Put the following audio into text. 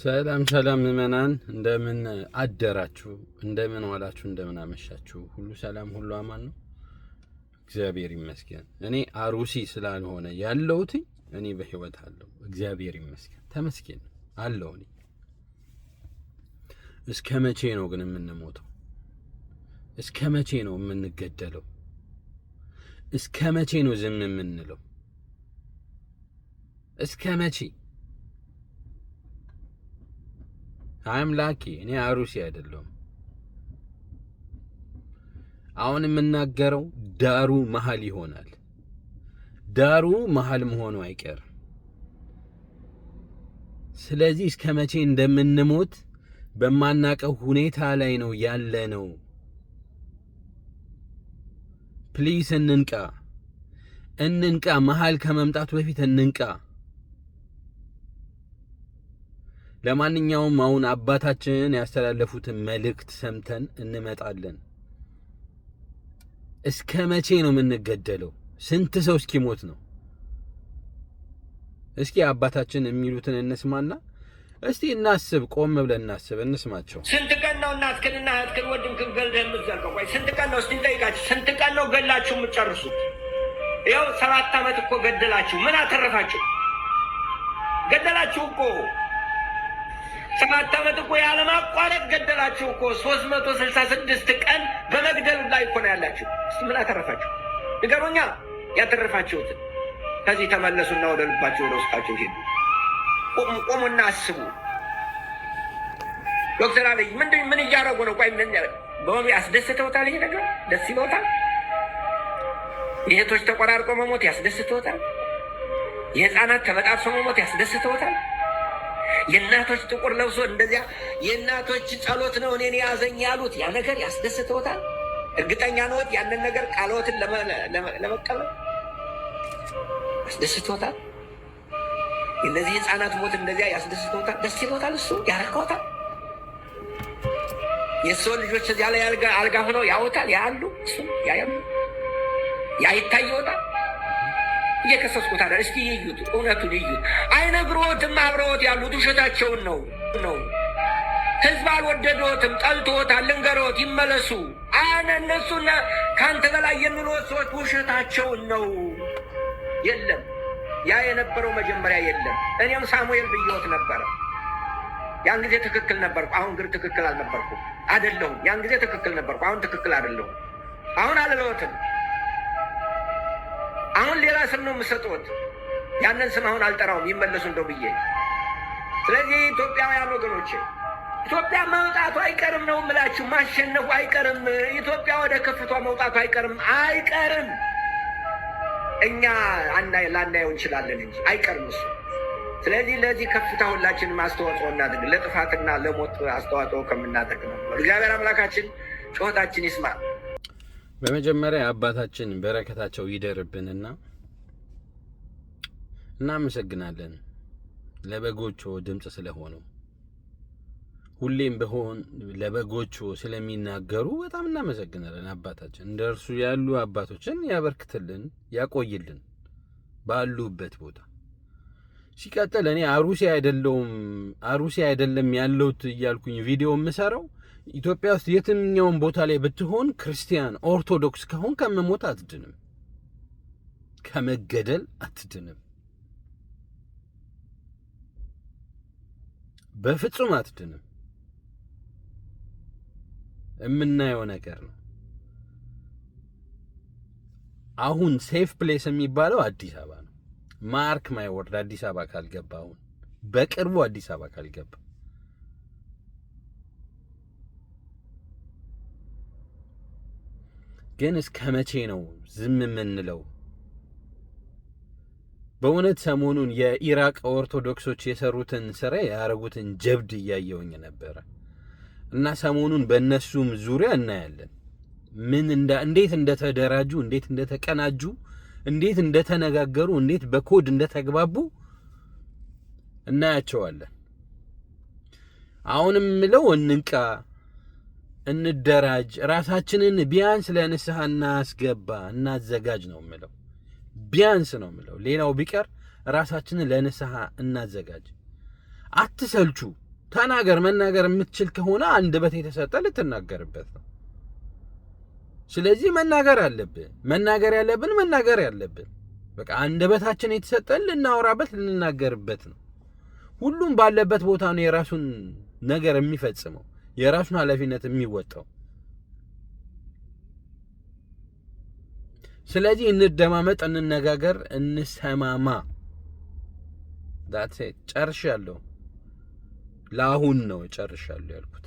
ሰላም ሰላም ምእመናን እንደምን አደራችሁ፣ እንደምን ዋላችሁ፣ እንደምን አመሻችሁ። ሁሉ ሰላም፣ ሁሉ አማን ነው። እግዚአብሔር ይመስገን። እኔ አሩሲ ስላልሆነ ያለሁት እኔ በህይወት አለው እግዚአብሔር ይመስገን፣ ተመስገን አለው። እኔ እስከ መቼ ነው ግን የምንሞተው? እስከ መቼ ነው የምንገደለው? እስከ መቼ ነው ዝም የምንለው? እስከ መቼ አምላኪ እኔ አሩሲ አይደለሁም። አሁን የምናገረው ዳሩ መሀል ይሆናል። ዳሩ መሀል መሆኑ አይቀርም። ስለዚህ እስከ መቼ እንደምንሞት በማናቀው ሁኔታ ላይ ነው ያለ ነው። ፕሊስ እንንቃ፣ እንንቃ። መሀል ከመምጣቱ በፊት እንንቃ። ለማንኛውም አሁን አባታችንን ያስተላለፉትን መልእክት ሰምተን እንመጣለን። እስከ መቼ ነው የምንገደለው? ስንት ሰው እስኪሞት ነው? እስኪ አባታችን የሚሉትን እንስማና እስቲ እናስብ፣ ቆም ብለን እናስብ፣ እንስማቸው። ስንት ቀን ነው እናትክንና እህትክን ወንድምክን ገልደህ የምትዘልቀው? ቆይ ስንት ቀን ነው እስቲ እንጠይቃችሁ፣ ስንት ቀን ነው ገላችሁ የምትጨርሱት? ይኸው ሰባት ዓመት እኮ ገደላችሁ፣ ምን አተረፋችሁ? ገደላችሁ እኮ የማታመጥ እኮ ያለማቋረጥ ገደላችሁ እኮ ሶስት መቶ ስልሳ ስድስት ቀን በመግደሉ ላይ እኮ ነው ያላችሁ። እስኪ ምን አተረፋችሁ ንገሩኛ። ያተረፋችሁትን ከዚህ ተመለሱና ወደ ልባችሁ ወደ ውስጣችሁ ሄዱ። ቁሙና አስቡ። ዶክተር አብይ ምንድን ምን እያደረጉ ነው? ቆይ በሆኑ ያስደስተውታል? ይሄ ነገር ደስ ይለውታል? የእህቶች ተቆራርቆ መሞት ያስደስተውታል? የህፃናት ተበጣጥሶ መሞት ያስደስተውታል? የእናቶች ጥቁር ለብሶ እንደዚያ የእናቶች ጸሎት ነው እኔን የያዘኝ ያሉት ያ ነገር ያስደስተውታል። እርግጠኛ ነዎት? ያንን ነገር ቃልዎትን ለመቀበል ያስደስተውታል። እነዚህ ህፃናት ሞት እንደዚያ ያስደስተውታል፣ ደስ ይለውታል፣ እሱ ያረካዎታል። የሰው ልጆች እዚያ ላይ አልጋ ሆነው ያውታል፣ ያሉ እሱ ያያሉ፣ ያ ይታየውታል። እየከሰስኩት አለ። እስቲ ይዩት፣ እውነቱን ይዩት። አይነግሮትም። አብረዎት ያሉት ውሸታቸውን ነው ነው ህዝብ አልወደዶትም፣ ጠልቶታል። ልንገሮት ይመለሱ። አነ እነሱና ከአንተ በላይ የሚኖር ሰዎች ውሸታቸውን ነው። የለም ያ የነበረው መጀመሪያ የለም። እኔም ሳሙኤል ብየወት ነበረ። ያን ጊዜ ትክክል ነበርኩ፣ አሁን ግን ትክክል አልነበርኩም፣ አደለሁም። ያን ጊዜ ትክክል ነበርኩ፣ አሁን ትክክል አደለሁም። አሁን አልለወትም። አሁን ሌላ ስም ነው የምሰጡት። ያንን ስም አሁን አልጠራውም ይመለሱ እንደው ብዬ። ስለዚህ ኢትዮጵያውያን ወገኖች ኢትዮጵያ መውጣቱ አይቀርም ነው የምላችሁ። ማሸነፉ አይቀርም። ኢትዮጵያ ወደ ከፍቷ መውጣቱ አይቀርም አይቀርም። እኛ ላናየው እንችላለን እንጂ አይቀርም እሱ። ስለዚህ ለዚህ ከፍታ ሁላችንም አስተዋጽኦ እናድርግ። ለጥፋትና ለሞት አስተዋጽኦ ከምናደርግ ነው። እግዚአብሔር አምላካችን ጩኸታችን ይስማል። በመጀመሪያ አባታችን በረከታቸው ይደርብንና እናመሰግናለን ለበጎቹ ድምፅ ስለሆኑ ሁሌም በሆን ለበጎቹ ስለሚናገሩ በጣም እናመሰግናለን። አባታችን እንደ እርሱ ያሉ አባቶችን ያበርክትልን፣ ያቆይልን ባሉበት ቦታ። ሲቀጥል እኔ አሩሲ አይደለውም አሩሴ አይደለም ያለውት እያልኩኝ ቪዲዮ የምሰራው ኢትዮጵያ ውስጥ የትኛውን ቦታ ላይ ብትሆን ክርስቲያን ኦርቶዶክስ ከሆን ከመሞት አትድንም፣ ከመገደል አትድንም፣ በፍጹም አትድንም። የምናየው ነገር ነው። አሁን ሴፍ ፕሌስ የሚባለው አዲስ አበባ ነው። ማርክ ማይ ወርድ አዲስ አበባ ካልገባ አሁን በቅርቡ አዲስ አበባ ካልገባ ግን እስከ መቼ ነው ዝም የምንለው? በእውነት ሰሞኑን የኢራቅ ኦርቶዶክሶች የሰሩትን ስራ ያደረጉትን ጀብድ እያየውኝ ነበረ እና ሰሞኑን በእነሱም ዙሪያ እናያለን ምን እንዴት እንደተደራጁ፣ እንዴት እንደተቀናጁ፣ እንዴት እንደተነጋገሩ፣ እንዴት በኮድ እንደተግባቡ እናያቸዋለን። አሁንም ምለው እንንቃ። እንደራጅ፣ ራሳችንን ቢያንስ ለንስሐ እናስገባ፣ እናዘጋጅ ነው የምለው። ቢያንስ ነው የምለው። ሌላው ቢቀር ራሳችንን ለንስሐ እናዘጋጅ። አትሰልቹ። ተናገር። መናገር የምትችል ከሆነ አንደበት የተሰጠ ልትናገርበት ነው። ስለዚህ መናገር አለብን። መናገር ያለብን መናገር ያለብን በቃ አንደበታችን የተሰጠን ልናወራበት ልንናገርበት ነው። ሁሉም ባለበት ቦታ ነው የራሱን ነገር የሚፈጽመው። የራሱን ኃላፊነት የሚወጣው። ስለዚህ እንደማመጥ፣ እንነጋገር፣ እንሰማማ። ዳት ጨርሻለሁ። ለአሁን ነው ጨርሻለሁ ያልኩት።